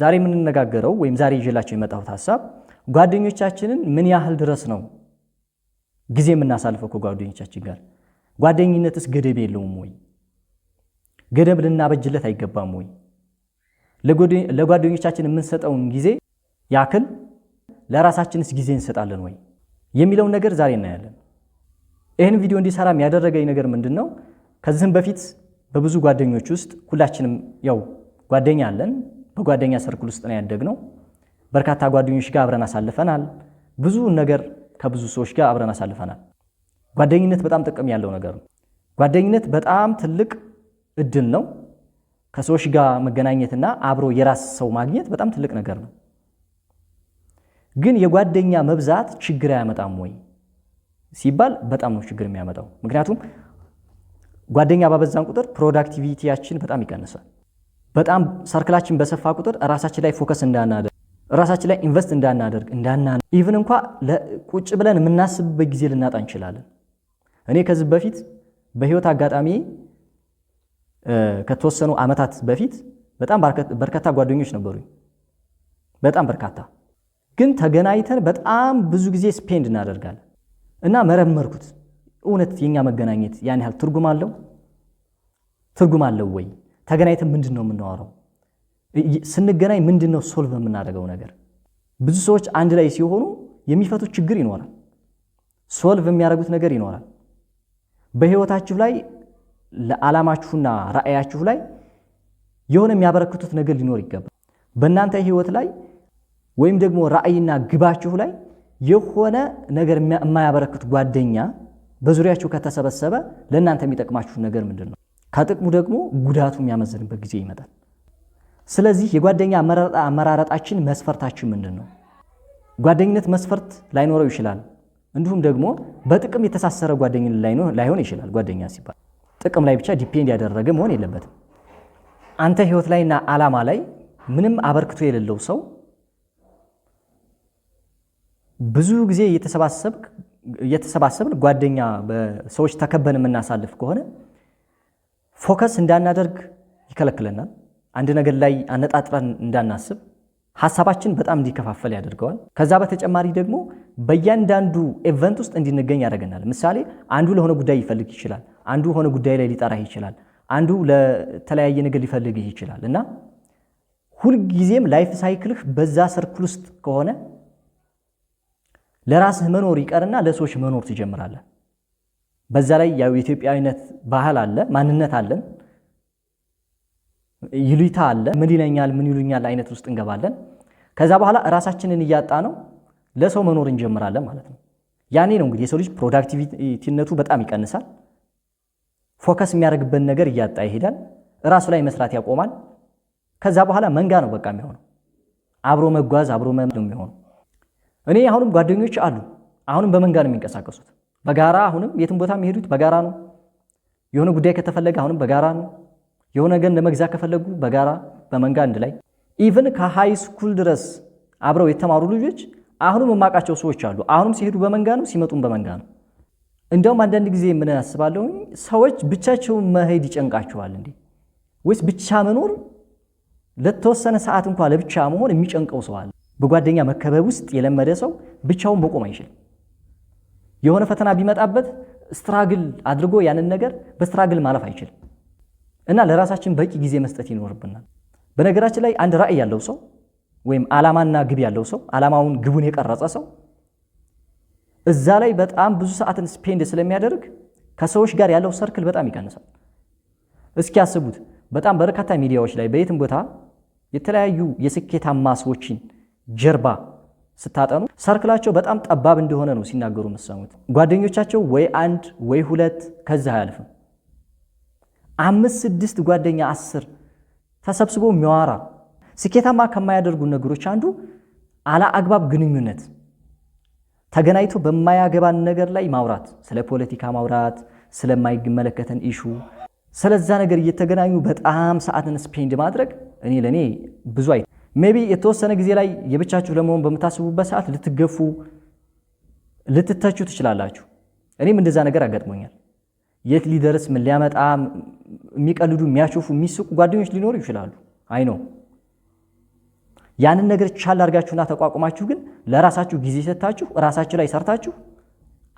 ዛሬ የምንነጋገረው ወይም ዛሬ ይዤላቸው የመጣሁት ሀሳብ ጓደኞቻችንን ምን ያህል ድረስ ነው ጊዜ የምናሳልፈው ከጓደኞቻችን ጋር? ጓደኝነትስ ገደብ የለውም ወይ? ገደብ ልናበጅለት አይገባም ወይ? ለጓደኞቻችን የምንሰጠውን ጊዜ ያክል ለራሳችንስ ጊዜ እንሰጣለን ወይ የሚለውን ነገር ዛሬ እናያለን። ይህን ቪዲዮ እንዲሰራም ያደረገኝ ነገር ምንድን ነው? ከዚህም በፊት በብዙ ጓደኞች ውስጥ ሁላችንም ያው ጓደኛ አለን በጓደኛ ሰርክል ውስጥ ነው ያደግነው። በርካታ ጓደኞች ጋር አብረን አሳልፈናል። ብዙ ነገር ከብዙ ሰዎች ጋር አብረን አሳልፈናል። ጓደኝነት በጣም ጥቅም ያለው ነገር ነው። ጓደኝነት በጣም ትልቅ እድል ነው። ከሰዎች ጋር መገናኘትና አብሮ የራስ ሰው ማግኘት በጣም ትልቅ ነገር ነው። ግን የጓደኛ መብዛት ችግር አያመጣም ወይ ሲባል በጣም ነው ችግር የሚያመጣው። ምክንያቱም ጓደኛ ባበዛን ቁጥር ፕሮዳክቲቪቲያችን በጣም ይቀንሳል። በጣም ሰርክላችን በሰፋ ቁጥር ራሳችን ላይ ፎከስ እንዳናደርግ ራሳችን ላይ ኢንቨስት እንዳናደርግ እንዳና ኢቭን እንኳ ቁጭ ብለን የምናስብበት ጊዜ ልናጣ እንችላለን። እኔ ከዚህ በፊት በህይወት አጋጣሚ ከተወሰኑ ዓመታት በፊት በጣም በርካታ ጓደኞች ነበሩኝ። በጣም በርካታ ግን ተገናኝተን በጣም ብዙ ጊዜ ስፔንድ እናደርጋለን እና መረመርኩት። እውነት የኛ መገናኘት ያን ያህል ትርጉም አለው? ትርጉም አለው ወይ? ተገናኝተን ምንድን ነው የምናወራው? ስንገናኝ ምንድን ነው ሶልቭ የምናደርገው ነገር? ብዙ ሰዎች አንድ ላይ ሲሆኑ የሚፈቱት ችግር ይኖራል፣ ሶልቭ የሚያደርጉት ነገር ይኖራል። በህይወታችሁ ላይ ለዓላማችሁና ራእያችሁ ላይ የሆነ የሚያበረክቱት ነገር ሊኖር ይገባል። በእናንተ ህይወት ላይ ወይም ደግሞ ራእይና ግባችሁ ላይ የሆነ ነገር የማያበረክት ጓደኛ በዙሪያችሁ ከተሰበሰበ ለእናንተ የሚጠቅማችሁ ነገር ምንድን ነው? ከጥቅሙ ደግሞ ጉዳቱ የሚያመዝንበት ጊዜ ይመጣል። ስለዚህ የጓደኛ አመራረጣችን መስፈርታችን ምንድን ነው? ጓደኝነት መስፈርት ላይኖረው ይችላል። እንዲሁም ደግሞ በጥቅም የተሳሰረ ጓደኝነት ላይሆን ይችላል። ጓደኛ ሲባል ጥቅም ላይ ብቻ ዲፔንድ ያደረገ መሆን የለበትም። አንተ ህይወት ላይና አላማ ላይ ምንም አበርክቶ የሌለው ሰው ብዙ ጊዜ እየተሰባሰብን ጓደኛ በሰዎች ተከበን የምናሳልፍ ከሆነ ፎከስ እንዳናደርግ ይከለክለናል። አንድ ነገር ላይ አነጣጥረን እንዳናስብ ሀሳባችን በጣም እንዲከፋፈል ያደርገዋል። ከዛ በተጨማሪ ደግሞ በእያንዳንዱ ኤቨንት ውስጥ እንዲንገኝ ያደርገናል። ምሳሌ አንዱ ለሆነ ጉዳይ ይፈልግ ይችላል፣ አንዱ ሆነ ጉዳይ ላይ ሊጠራህ ይችላል፣ አንዱ ለተለያየ ነገር ሊፈልግህ ይችላል እና ሁልጊዜም ላይፍ ሳይክልህ በዛ ሰርክል ውስጥ ከሆነ ለራስህ መኖር ይቀርና ለሰዎች መኖር ትጀምራለህ። በዛ ላይ ያው የኢትዮጵያዊነት ባህል አለ፣ ማንነት አለን፣ ይሉኝታ አለ። ምን ይለኛል፣ ምን ይሉኛል አይነት ውስጥ እንገባለን። ከዛ በኋላ እራሳችንን እያጣ ነው ለሰው መኖር እንጀምራለን ማለት ነው። ያኔ ነው እንግዲህ የሰው ልጅ ፕሮዳክቲቪቲነቱ በጣም ይቀንሳል። ፎከስ የሚያደርግበት ነገር እያጣ ይሄዳል። እራሱ ላይ መስራት ያቆማል። ከዛ በኋላ መንጋ ነው በቃ የሚሆነው። አብሮ መጓዝ አብሮ ነው የሚሆነው። እኔ አሁንም ጓደኞች አሉ፣ አሁንም በመንጋ ነው የሚንቀሳቀሱት። በጋራ አሁንም የትም ቦታ የሚሄዱት በጋራ ነው። የሆነ ጉዳይ ከተፈለገ አሁንም በጋራ ነው። የሆነ ገን ለመግዛት ከፈለጉ በጋራ በመንጋ አንድ ላይ ኢቭን ከሃይ ስኩል ድረስ አብረው የተማሩ ልጆች አሁንም የማውቃቸው ሰዎች አሉ። አሁንም ሲሄዱ በመንጋ ነው፣ ሲመጡም በመንጋ ነው። እንዲያውም አንዳንድ ጊዜ ምን አስባለሁ፣ ሰዎች ብቻቸውን መሄድ ይጨንቃቸዋል እንዴ? ወይስ ብቻ መኖር ለተወሰነ ሰዓት እንኳ ለብቻ መሆን የሚጨንቀው ሰው አለ? በጓደኛ መከበብ ውስጥ የለመደ ሰው ብቻውን መቆም አይችልም። የሆነ ፈተና ቢመጣበት ስትራግል አድርጎ ያንን ነገር በስትራግል ማለፍ አይችልም እና ለራሳችን በቂ ጊዜ መስጠት ይኖርብናል። በነገራችን ላይ አንድ ራዕይ ያለው ሰው ወይም ዓላማና ግብ ያለው ሰው ዓላማውን ግቡን የቀረጸ ሰው እዛ ላይ በጣም ብዙ ሰዓትን ስፔንድ ስለሚያደርግ ከሰዎች ጋር ያለው ሰርክል በጣም ይቀንሳል። እስኪ ያስቡት። በጣም በርካታ ሚዲያዎች ላይ በየትም ቦታ የተለያዩ የስኬታማ ሰዎችን ጀርባ ስታጠኑ ሰርክላቸው በጣም ጠባብ እንደሆነ ነው ሲናገሩ የምትሰሙት። ጓደኞቻቸው ወይ አንድ ወይ ሁለት ከዚህ አያልፍም። አምስት ስድስት ጓደኛ አስር ተሰብስቦ የሚያወራ ስኬታማ ከማያደርጉ ነገሮች አንዱ አላ አግባብ ግንኙነት፣ ተገናኝቶ በማያገባን ነገር ላይ ማውራት፣ ስለ ፖለቲካ ማውራት፣ ስለማይመለከተን ኢሹ፣ ስለዛ ነገር እየተገናኙ በጣም ሰዓትን ስፔንድ ማድረግ እኔ ለእኔ ብዙ አይ ሜቢ የተወሰነ ጊዜ ላይ የብቻችሁ ለመሆን በምታስቡበት ሰዓት ልትገፉ፣ ልትተቹ ትችላላችሁ። እኔም እንደዛ ነገር አጋጥሞኛል። የት ሊደርስ ምን ሊያመጣ የሚቀልዱ የሚያሾፉ የሚስቁ ጓደኞች ሊኖሩ ይችላሉ። አይ ነው ያንን ነገር ቻል አድርጋችሁና ተቋቁማችሁ ግን ለራሳችሁ ጊዜ ሰጥታችሁ ራሳችሁ ላይ ሰርታችሁ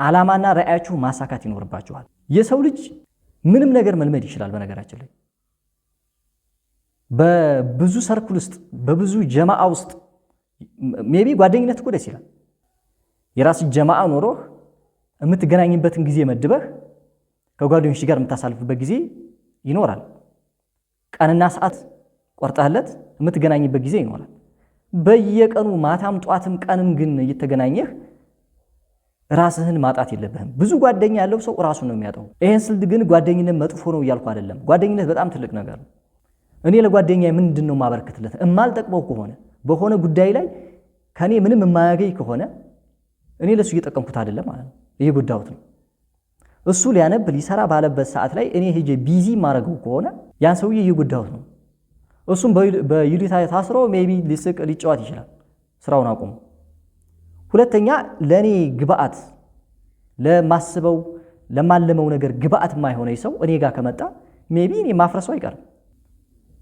አላማና ራዕያችሁ ማሳካት ይኖርባችኋል። የሰው ልጅ ምንም ነገር መልመድ ይችላል። በነገራችን ላይ በብዙ ሰርክል ውስጥ በብዙ ጀማዓ ውስጥ ሜቢ ጓደኝነት እኮ ደስ ይላል። የራስ ጀማአ ኖሮህ የምትገናኝበትን ጊዜ መድበህ ከጓደኞች ጋር የምታሳልፍበት ጊዜ ይኖራል። ቀንና ሰዓት ቆርጠህለት የምትገናኝበት ጊዜ ይኖራል። በየቀኑ ማታም፣ ጧትም፣ ቀንም ግን እየተገናኘህ ራስህን ማጣት የለብህም። ብዙ ጓደኛ ያለው ሰው ራሱን ነው የሚያጠው። ይህን ስል ግን ጓደኝነት መጥፎ ነው እያልኩ አይደለም። ጓደኝነት በጣም ትልቅ ነገር ነው። እኔ ለጓደኛ ምንድን ነው የማበረክትለት? እማልጠቅመው ከሆነ በሆነ ጉዳይ ላይ ከእኔ ምንም የማያገኝ ከሆነ እኔ ለእሱ እየጠቀምኩት አይደለም ማለት ነው፣ እየጎዳሁት ነው። እሱ ሊያነብ ሊሰራ ባለበት ሰዓት ላይ እኔ ሄጄ ቢዚ የማደርገው ከሆነ ያን ሰውዬ እየጎዳሁት ነው። እሱም በዩዲታ ታስሮ ሜቢ ሊስቅ ሊጫወት ይችላል፣ ስራውን አቁሙ። ሁለተኛ ለእኔ ግብአት ለማስበው ለማለመው ነገር ግብአት የማይሆነ ሰው እኔ ጋር ከመጣ ሜቢ እኔ ማፍረሰው አይቀርም።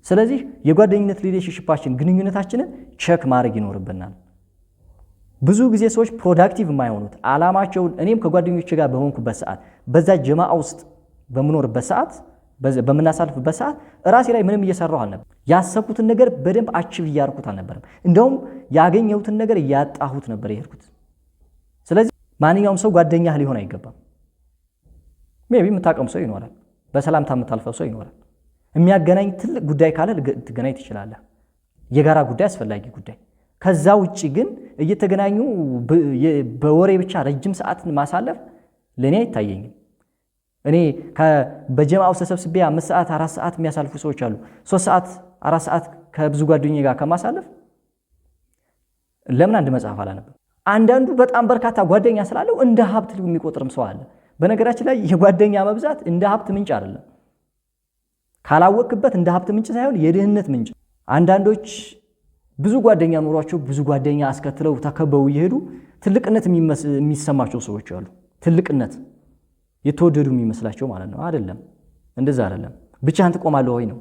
ስለዚህ የጓደኝነት ሪሌሽንሽፓችን ግንኙነታችንን ቸክ ማድረግ ይኖርብናል። ብዙ ጊዜ ሰዎች ፕሮዳክቲቭ የማይሆኑት አላማቸውን እኔም ከጓደኞች ጋር በሆንኩበት ሰዓት በዛ ጀማ ውስጥ በምኖርበት ሰዓት በምናሳልፍበት ሰዓት እራሴ ላይ ምንም እየሰራሁ አልነበር። ያሰብኩትን ነገር በደንብ አችብ እያርኩት አልነበርም። እንደውም ያገኘሁትን ነገር እያጣሁት ነበር የሄድኩት። ስለዚህ ማንኛውም ሰው ጓደኛህ ሊሆን አይገባም። ቢ የምታቀም ሰው ይኖራል፣ በሰላምታ የምታልፈው ሰው ይኖራል። የሚያገናኝ ትልቅ ጉዳይ ካለ ልትገናኝ ትችላለህ። የጋራ ጉዳይ አስፈላጊ ጉዳይ። ከዛ ውጭ ግን እየተገናኙ በወሬ ብቻ ረጅም ሰዓትን ማሳለፍ ለእኔ አይታየኝም። እኔ ውስጥ ተሰብስቤ አምስት ሰዓት አራት ሰዓት የሚያሳልፉ ሰዎች አሉ። ሶስት ሰዓት አራት ሰዓት ከብዙ ጓደኛ ጋር ከማሳለፍ ለምን አንድ መጽሐፍ አላነብም? አንዳንዱ በጣም በርካታ ጓደኛ ስላለው እንደ ሀብት የሚቆጥርም ሰው አለ። በነገራችን ላይ የጓደኛ መብዛት እንደ ሀብት ምንጭ አይደለም። ካላወቅበት እንደ ሀብት ምንጭ ሳይሆን የድህነት ምንጭ። አንዳንዶች ብዙ ጓደኛ ኖሯቸው ብዙ ጓደኛ አስከትለው ተከበው እየሄዱ ትልቅነት የሚሰማቸው ሰዎች አሉ። ትልቅነት የተወደዱ የሚመስላቸው ማለት ነው። አይደለም፣ እንደዛ አይደለም። ብቻህን ትቆማለህ ወይ ነው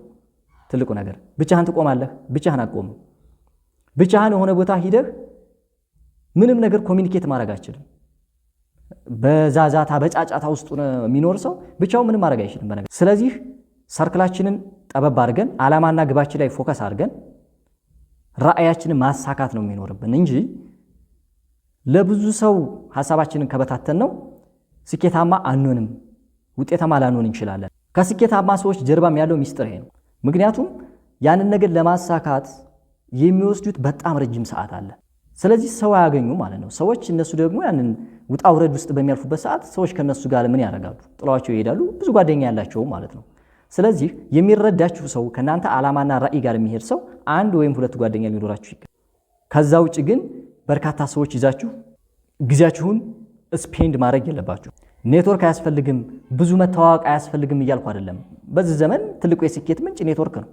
ትልቁ ነገር። ብቻህን ትቆማለህ? ብቻህን አቆምም። ብቻህን የሆነ ቦታ ሂደህ ምንም ነገር ኮሚኒኬት ማድረግ አይችልም። በዛዛታ በጫጫታ ውስጡ የሚኖር ሰው ብቻው ምንም ማድረግ አይችልም በነገር ስለዚህ ሰርክላችንን ጠበብ አድርገን ዓላማና ግባችን ላይ ፎከስ አድርገን ራእያችንን ማሳካት ነው የሚኖርብን እንጂ ለብዙ ሰው ሀሳባችንን ከበታተን ነው ስኬታማ አንሆንም፣ ውጤታማ ላንሆን እንችላለን። ከስኬታማ ሰዎች ጀርባም ያለው ሚስጥር ይሄ ነው። ምክንያቱም ያንን ነገር ለማሳካት የሚወስዱት በጣም ረጅም ሰዓት አለ። ስለዚህ ሰው አያገኙ ማለት ነው። ሰዎች እነሱ ደግሞ ያንን ውጣ ውረድ ውስጥ በሚያልፉበት ሰዓት ሰዎች ከነሱ ጋር ምን ያደርጋሉ? ጥለዋቸው ይሄዳሉ። ብዙ ጓደኛ ያላቸውም ማለት ነው። ስለዚህ የሚረዳችሁ ሰው ከእናንተ ዓላማና ራዕይ ጋር የሚሄድ ሰው አንድ ወይም ሁለት ጓደኛ ሊኖራችሁ ይገባል። ከዛ ውጭ ግን በርካታ ሰዎች ይዛችሁ ጊዜያችሁን ስፔንድ ማድረግ የለባችሁ። ኔትወርክ አያስፈልግም፣ ብዙ መተዋወቅ አያስፈልግም እያልኩ አይደለም። በዚህ ዘመን ትልቁ የስኬት ምንጭ ኔትወርክ ነው።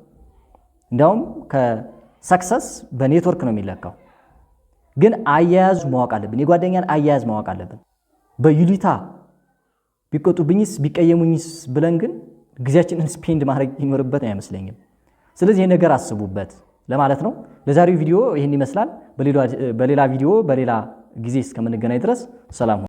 እንዲያውም ከሰክሰስ በኔትወርክ ነው የሚለካው። ግን አያያዙ ማወቅ አለብን። የጓደኛን አያያዝ ማወቅ አለብን። በዩሊታ ቢቆጡብኝስ ቢቀየሙኝስ ብለን ግን ጊዜያችንን ስፔንድ ማድረግ ይኖርበት አይመስለኝም። ስለዚህ ይህ ነገር አስቡበት ለማለት ነው። ለዛሬው ቪዲዮ ይህን ይመስላል። በሌላ ቪዲዮ በሌላ ጊዜ እስከምንገናኝ ድረስ ሰላም